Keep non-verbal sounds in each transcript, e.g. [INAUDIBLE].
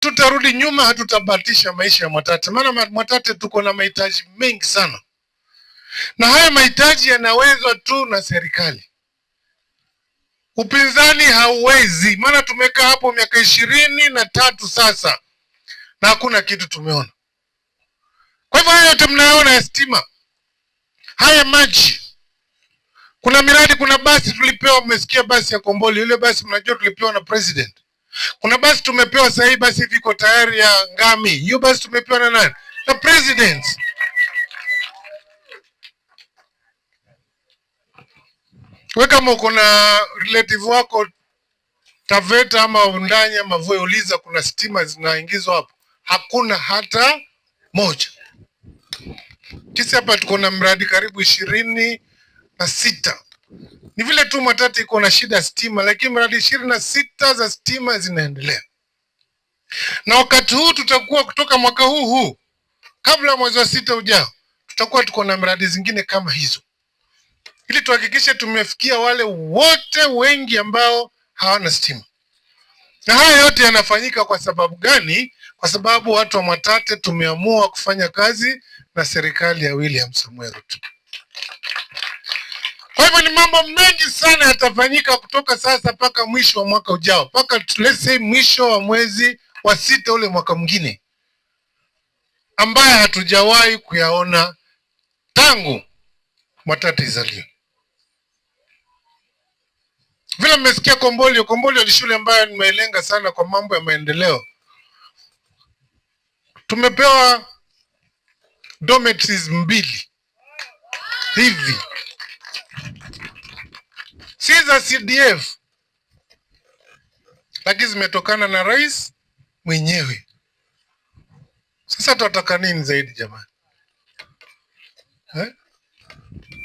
Tutarudi nyuma, hatutabatisha maisha ya Mwatate, maana Mwatate tuko na mahitaji mengi sana, na haya mahitaji yanawezwa tu na serikali. Upinzani hauwezi, maana tumekaa hapo miaka ishirini na tatu sasa na hakuna kitu tumeona. Kwa hivyo yote mnayoona ya stima, haya maji, kuna miradi, kuna basi tulipewa, mmesikia basi ya Komboli, ile basi mnajua tulipewa na president kuna basi tumepewa sasa hivi, basi viko tayari ya Ngami. Hiyo basi tumepewa na nani? Na president. We kama uko na relative wako Taveta ama Undanya ama Voi, uliza kuna stima zinaingizwa hapo, hakuna hata moja. Sisi hapa tuko na mradi karibu ishirini na sita ni vile tu Mwatate iko na shida ya stima, lakini miradi ishirini na sita za stima zinaendelea, na wakati huu tutakuwa kutoka mwaka huu huu kabla mwezi wa sita ujao tutakuwa tuko na miradi zingine kama hizo, ili tuhakikishe tumefikia wale wote wengi ambao hawana stima. Na haya yote yanafanyika kwa sababu gani? Kwa sababu watu wa Mwatate tumeamua kufanya kazi na serikali ya William Samoei Ruto hivyo ni mambo mengi sana yatafanyika kutoka sasa mpaka mwisho wa mwaka ujao, mpaka tulese mwisho wa mwezi wa sita ule mwaka mwingine, ambaye hatujawahi kuyaona tangu Mwatate izalio. Vile mmesikia Kombolio, Kombolio ni shule ambayo nimeilenga sana kwa mambo ya maendeleo. Tumepewa dormitories mbili hivi si za CDF, lakini zimetokana na rais mwenyewe. Sasa tunataka nini zaidi jamani eh?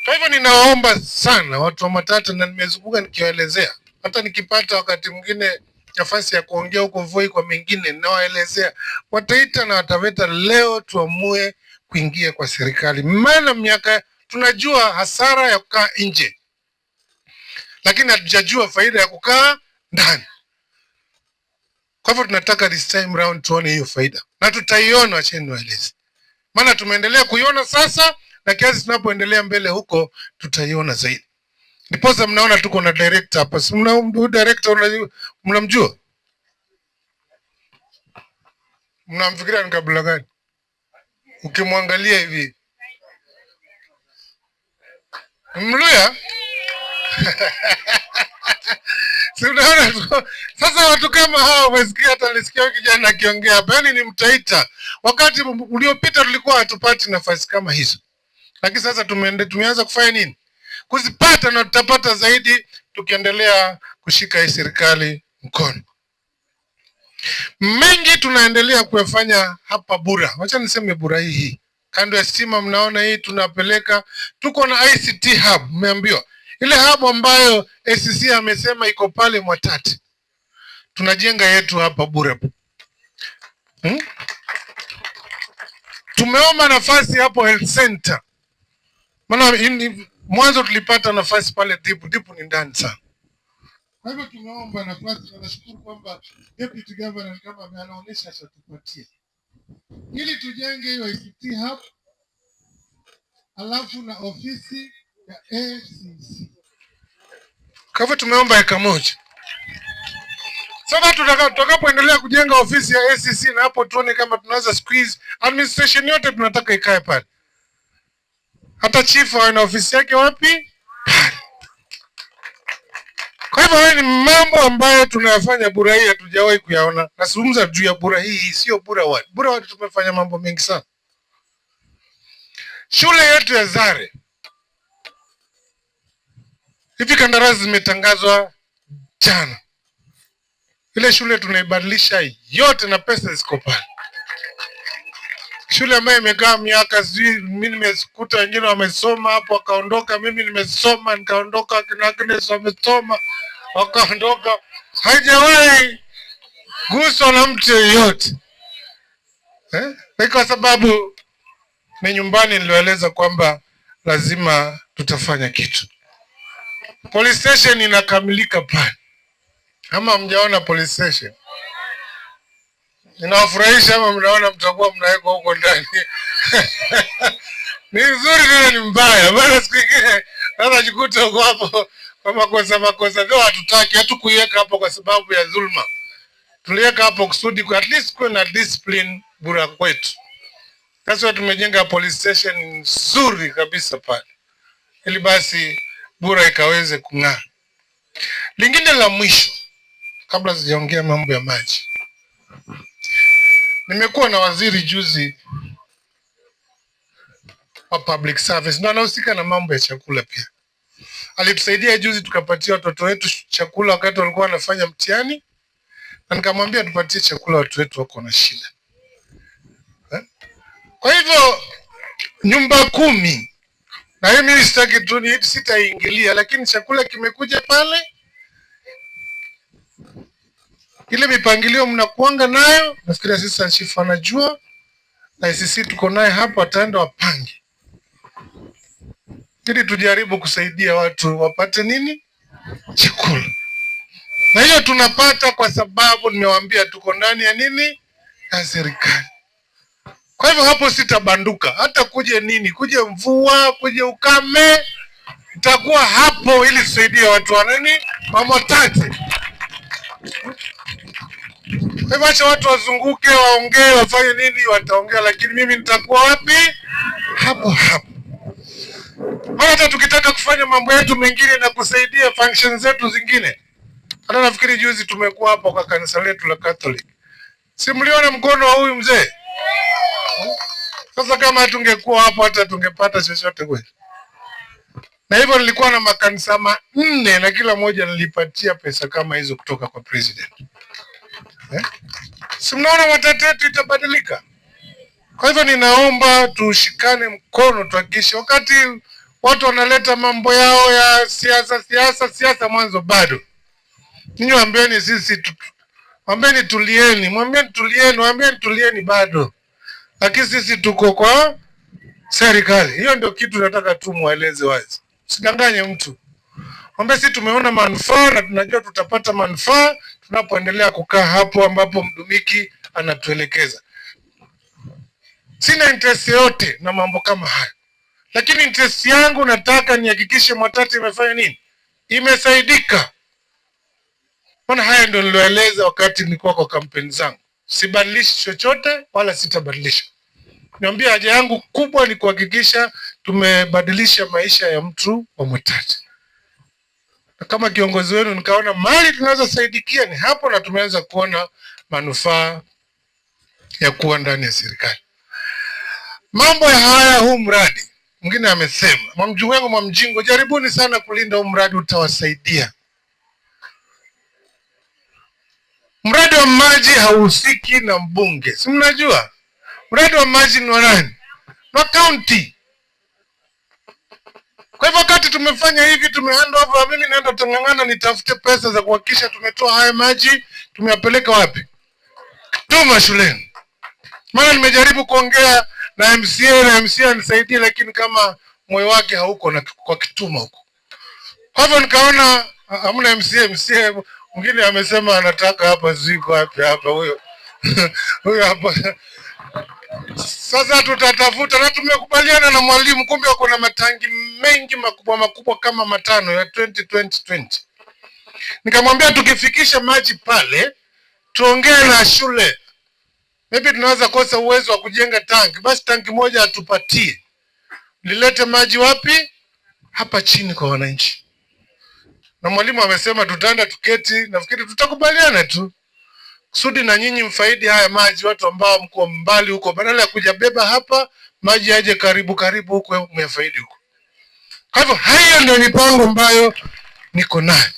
Kwa hivyo ninawaomba sana watu wa matata, na nimezunguka nikiwaelezea, hata nikipata wakati mwingine nafasi ya kuongea huko Voi kwa mengine, ninawaelezea wataita na wataveta, leo tuamue kuingia kwa serikali, maana miaka tunajua hasara ya kukaa nje lakini hatujajua faida ya kukaa ndani. Kwa hivyo tunataka this time round tuone hiyo faida na tutaiona, acheni niwaeleze, maana tumeendelea kuiona sasa, na kiasi tunapoendelea mbele huko tutaiona zaidi. Ndiposa mnaona tuko na director hapa, si director mnamjua, mnamfikiria ni kabila gani? Ukimwangalia hivi Mluya [LAUGHS] si unaona sasa, watu kama hawa umesikia, hata nilisikia kijana akiongea hapa, yaani ni mtaita. Wakati uliopita tulikuwa hatupati nafasi kama hizo, lakini sasa tumeende, tumeanza kufanya nini? Kuzipata, na tutapata zaidi tukiendelea kushika hii serikali mkono. Mengi tunaendelea kuyafanya hapa Bura, wacha niseme Bura hii hii kando ya stima, mnaona hii tunapeleka, tuko na ICT hub, mmeambiwa ile hapo ambayo ACC amesema iko pale Mwatate, tunajenga yetu hapa bure hmm? Tumeomba nafasi hapo health center, maana mwanzo tulipata nafasi pale Dipu. Dipu ni ndani sana, kwa hivyo tumeomba nafasi na nashukuru kwamba deputy governor kama anaonyesha atatupatia ili tujenge hiyo ICT hapo, alafu na ofisi ya NCC. Kwa hivyo tumeomba eka moja. Sasa tutakapoendelea kujenga ofisi ya ACC na hapo tuone kama tunaweza squeeze administration yote tunataka ikae pale. Hata chief awe na ofisi yake wapi? Kwa hivyo ni mambo ambayo tunayafanya bura hii hatujawahi kuyaona. Nazungumza juu ya bura hii, sio bura wapi. Bura wapi tumefanya mambo mengi sana. Shule yetu ya Zare Hivi kandarasi zimetangazwa jana, ile shule tunaibadilisha yote na pesa ziko pale. Shule ambayo imekaa miaka sijui, mi nimezikuta wengine wamesoma hapo wakaondoka, mimi nimesoma nikaondoka, kina Agnes wamesoma wakaondoka, haijawahi guswa na mtu yeyote eh? kwa sababu ni nyumbani, nilioeleza kwamba lazima tutafanya kitu. Police station inakamilika pale, ama mjaona police station inawafurahisha ama mnaona mtakuwa mnawekwa huko ndani? [LAUGHS] ni nzuri tena ni mbaya bana. Siku ingine sasa jikuta uko hapo kwa makosa makosa, vyo hatutaki, hatukuiweka hapo kwa sababu ya dhulma, tuliweka hapo kusudi at least kuwe na discipline bura kwetu. Sasa tumejenga police station nzuri kabisa pale, ili basi bora ikaweze kung'aa. Lingine la mwisho, kabla sijaongea mambo ya maji, nimekuwa na waziri juzi wa public service na anahusika na mambo ya chakula pia. Alitusaidia juzi tukapatia watoto wetu chakula wakati walikuwa wanafanya mtihani, na nikamwambia tupatie chakula watu wetu wako na shida. Eh? Kwa hivyo nyumba kumi na hii mimi sitaki tu, sitaingilia, lakini chakula kimekuja pale, ile mipangilio mnakuanga nayo. nafikiri sisi Chifu anajua na sisi tuko naye hapo, ataenda wapange ili tujaribu kusaidia watu wapate nini chakula, na hiyo tunapata kwa sababu nimewaambia tuko ndani ya nini ya serikali. Kwa hivyo hapo sitabanduka, hata kuje nini, kuje mvua, kuje ukame, nitakuwa hapo ili tusaidie watu wa nini, mamotate. Kwa hivyo acha watu wazunguke, waongee, wafanye nini, wataongea, lakini mimi nitakuwa wapi? Hapo hapo. hata tukitaka kufanya mambo yetu mengine na kusaidia function zetu zingine, hata nafikiri juzi tumekuwa hapo kwa kanisa letu la Catholic, si mliona mkono wa huyu mzee sasa kama tungekuwa hapo, hata tungepata chochote kweli? Na hivyo nilikuwa na makanisa manne na kila moja nilipatia pesa kama hizo kutoka kwa president eh? Si mnaona matatizo yetu itabadilika. Kwa hivyo ninaomba tushikane mkono, tuhakikishe wakati watu wanaleta mambo yao ya siasa siasa siasa, mwanzo bado ninyi wambieni, sisi wambieni tulieni, mwambieni tulieni, wambieni tulieni, bado lakini sisi tuko kwa serikali. Hiyo ndio kitu nataka tu mueleze wazi, usidanganye mtu ambaye sisi tumeona manufaa na tunajua tutapata manufaa tunapoendelea kukaa hapo ambapo Mdumiki anatuelekeza. Sina interest yote na mambo kama hayo, lakini interest yangu nataka nihakikishe Mwatate imefanya nini, imesaidika. Maana haya ndio niloeleza wakati nilikuwa kwa kampeni zangu sibadilishi chochote wala sitabadilisha. Niambia, haja yangu kubwa ni kuhakikisha tumebadilisha maisha ya mtu wa Mwitate, na kama kiongozi wenu nikaona mali tunaweza saidikia ni hapo, na tumeanza kuona manufaa ya kuwa ndani ya serikali. Mambo ya haya, huu mradi mwingine amesema mwamjuwengu wangu Mwamjingo, jaribuni sana kulinda huu mradi, utawasaidia Mradi wa maji hausiki na mbunge, si mnajua mradi wa maji ni wa nani? Wa kaunti. Kwa hivyo wakati tumefanya hivi, tumeenda hapa, mimi naenda Tangang'ana nitafute pesa za kuhakikisha tumetoa haya maji, tumeyapeleka wapi? Tuma shuleni. Maana nimejaribu kuongea na MCA na MCA anisaidie, lakini kama moyo wake hauko na kwa Kituma huko. Kwa hivyo nikaona hamna MCA, MCA Mwingine amesema anataka hapa ziko hapi hapa huyo [LAUGHS] huyo hapa. Sasa tutatafuta na tumekubaliana na mwalimu, kumbe na matangi mengi makubwa makubwa kama matano ya 2020 20 Nikamwambia tukifikisha maji pale tuongee na shule, maybe tunaweza kosa uwezo wa kujenga tanki, basi tanki moja atupatie, lilete maji wapi? Hapa chini kwa wananchi na mwalimu amesema tutaenda tuketi, nafikiri tutakubaliana tu kusudi na nyinyi mfaidi haya maji, watu ambao mko mbali huko, badala ya kuja beba hapa maji aje karibu karibu huko, mmefaidi huko. Kwa hivyo hayo ndio mipango ambayo niko nayo,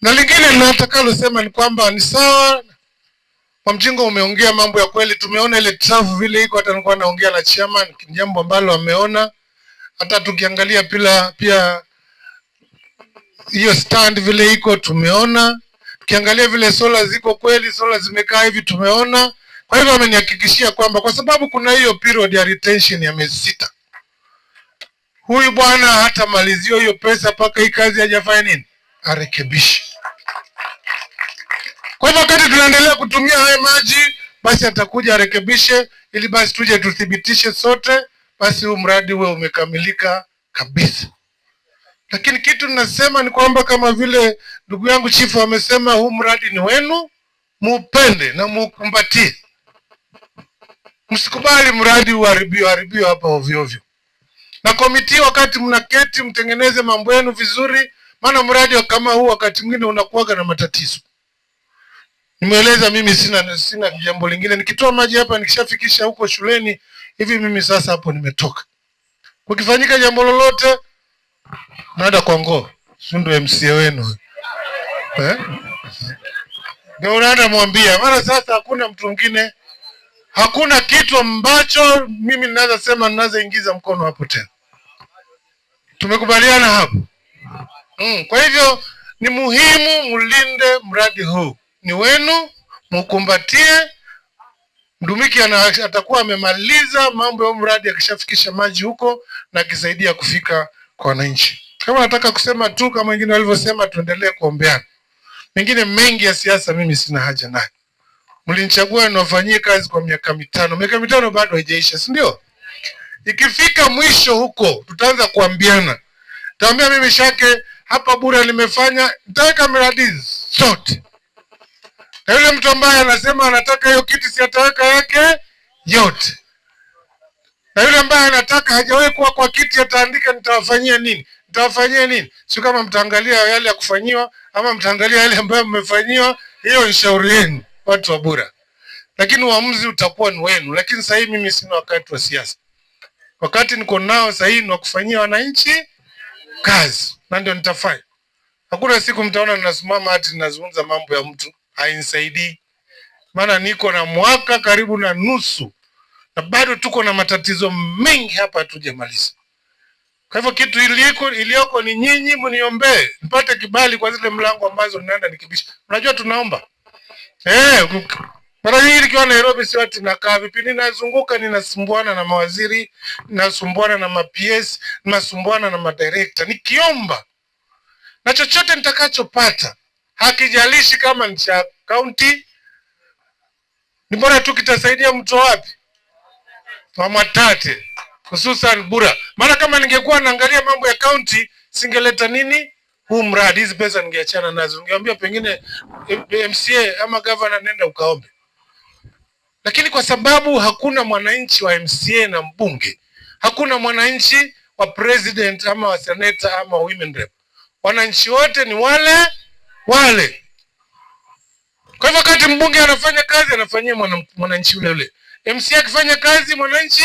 na lingine natakalosema ni kwamba ni sawa kwa Mjingo, umeongea mambo ya kweli. Tumeona ile trafu vile iko, hata nilikuwa naongea na chairman, jambo ambalo ameona. Hata tukiangalia pila, pia pia hiyo stand vile iko tumeona, tukiangalia vile sola ziko kweli, sola zimekaa hivi tumeona. Kwa hivyo amenihakikishia kwamba kwa sababu kuna hiyo period ya retention ya miezi sita, huyu bwana hatamalizia hiyo pesa mpaka hii kazi hajafanya nini, arekebishe. Kwa hivyo wakati tunaendelea kutumia haya maji, basi atakuja arekebishe, ili basi tuje tuthibitishe sote, basi huu mradi huwe umekamilika kabisa. Lakini kitu nasema ni kwamba kama vile ndugu yangu chifu amesema, huu mradi ni wenu, muupende na muukumbatie. Msikubali mradi uharibiwe haribiwe hapa ovyo ovyo. Na komiti, wakati mnaketi, mtengeneze mambo yenu vizuri, maana mradi kama huu wakati mwingine unakuwaga na matatizo. Nimeeleza mimi sina sina jambo lingine. Nikitoa maji hapa nikishafikisha huko shuleni hivi, mimi sasa hapo nimetoka. Kukifanyika jambo lolote Nada Kongo, Sundu MCA wenu eh? Ndio unaenda mwambia, maana sasa hakuna mtu mwingine, hakuna kitu ambacho mimi ninaweza sema ninaweza ingiza mkono hapo tena. Tumekubaliana hapo mm. Kwa hivyo ni muhimu mlinde mradi huu, ni wenu, mukumbatie. Mdumiki atakuwa amemaliza mambo ya mradi akishafikisha maji huko na akisaidia kufika kwa wananchi. Kama nataka kusema tu kama wengine walivyosema, tuendelee kuombeana. Mengine mengi ya siasa mimi sina haja nayo. Mlinichagua niwafanyie kazi kwa miaka mitano, miaka mitano bado haijaisha, si ndio? Ikifika mwisho huko tutaanza kuambiana, Tawambia mimi Shake hapa bura limefanya, nitaweka miradi zote, na yule mtu ambaye anasema anataka hiyo kiti siataweka yake yote na yule ambaye anataka hajawahi kuwa kwa kiti ataandika nitawafanyia nini, nitawafanyia nini. Sio kama mtaangalia yale ya kufanyiwa ama mtaangalia yale ambayo mmefanyiwa, hiyo ni shauri yenu watu wa Bura, lakini uamuzi utakuwa ni wenu. Lakini sasa hivi mimi sina wakati wa siasa, wakati niko nao sasa hivi ni wa kufanyia wananchi kazi, na ndio nitafanya. Hakuna siku mtaona ninasimama hati ninazungumza mambo ya mtu hainisaidii, maana niko na mwaka karibu na nusu na bado tuko na matatizo mengi hapa, hatujamaliza. Kwa hivyo kitu iliko iliyoko ni nyinyi mniombee nipate kibali kwa zile mlango ambazo ninaenda nikibisha. Unajua tunaomba eh, mara nyingi nikiwa Nairobi si wati nakaa vipi, ninazunguka, ninasumbuana na mawaziri, ninasumbuana na maps, ninasumbuana na madirekta nikiomba, na chochote nitakachopata hakijalishi kama ni cha county, ni bora tu kitasaidia mtu wapi wa matate hususan Bura, maana kama ningekuwa naangalia mambo ya kaunti singeleta nini huu mradi, hizi pesa ningeachana nazo, ningeambia pengine eh, MCA ama governor, nenda ukaombe. Lakini kwa sababu hakuna mwananchi wa MCA na mbunge, hakuna mwananchi wa president ama wa senator ama women rep, wananchi wote ni wale wale. Kwa hivyo wakati mbunge anafanya kazi anafanyia mwananchi ule ule. MC akifanya kazi mwananchi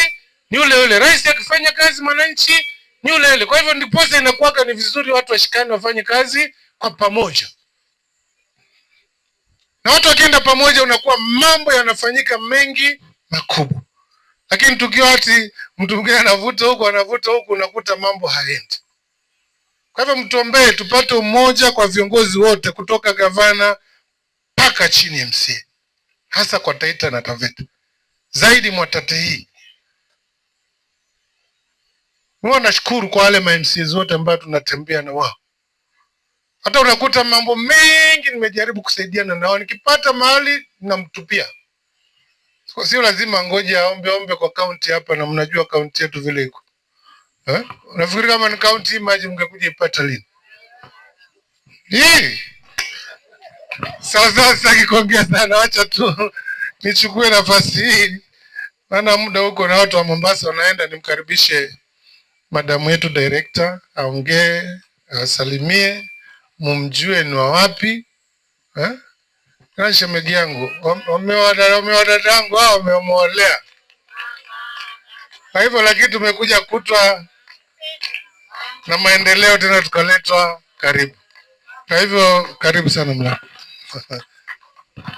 ni yule yule, rais akifanya kazi mwananchi ni yule yule. Kwa hivyo ndiposa inakuwa ni vizuri watu washikane, wafanye kazi kwa pamoja, na watu wakienda pamoja, unakuwa mambo yanafanyika mengi makubwa. Lakini tukiwa ati mtu mwingine anavuta huku anavuta huku, unakuta mambo haendi. Kwa hivyo mtuombee tupate umoja kwa viongozi wote kutoka gavana mpaka chini ya MCA, hasa kwa Taita na Taveta zaidi mwa Mwatate hii. Huwa nashukuru kwa wale ma MCs wote ambayo tunatembea na wao, hata unakuta mambo mengi nimejaribu kusaidiana nao, nikipata mahali namtupia, sio lazima ngoja aombe ombe kwa kaunti hapa, na mnajua kaunti yetu vile iko eh? Unafikiri kama ni kaunti maji mngekuja ipata lini hii? Sasa sitaki sana, wacha tu nichukue nafasi hii, maana muda huko na watu wa Mombasa wanaenda, nimkaribishe madamu yetu director aongee, awasalimie, mumjue ni wa wapi eh? na yaani shemeji yangu wamewadada hao wamemwolea Kwa hivyo lakini tumekuja kutwa na maendeleo tena tukaletwa karibu. Kwa hivyo karibu sana mlako [LAUGHS]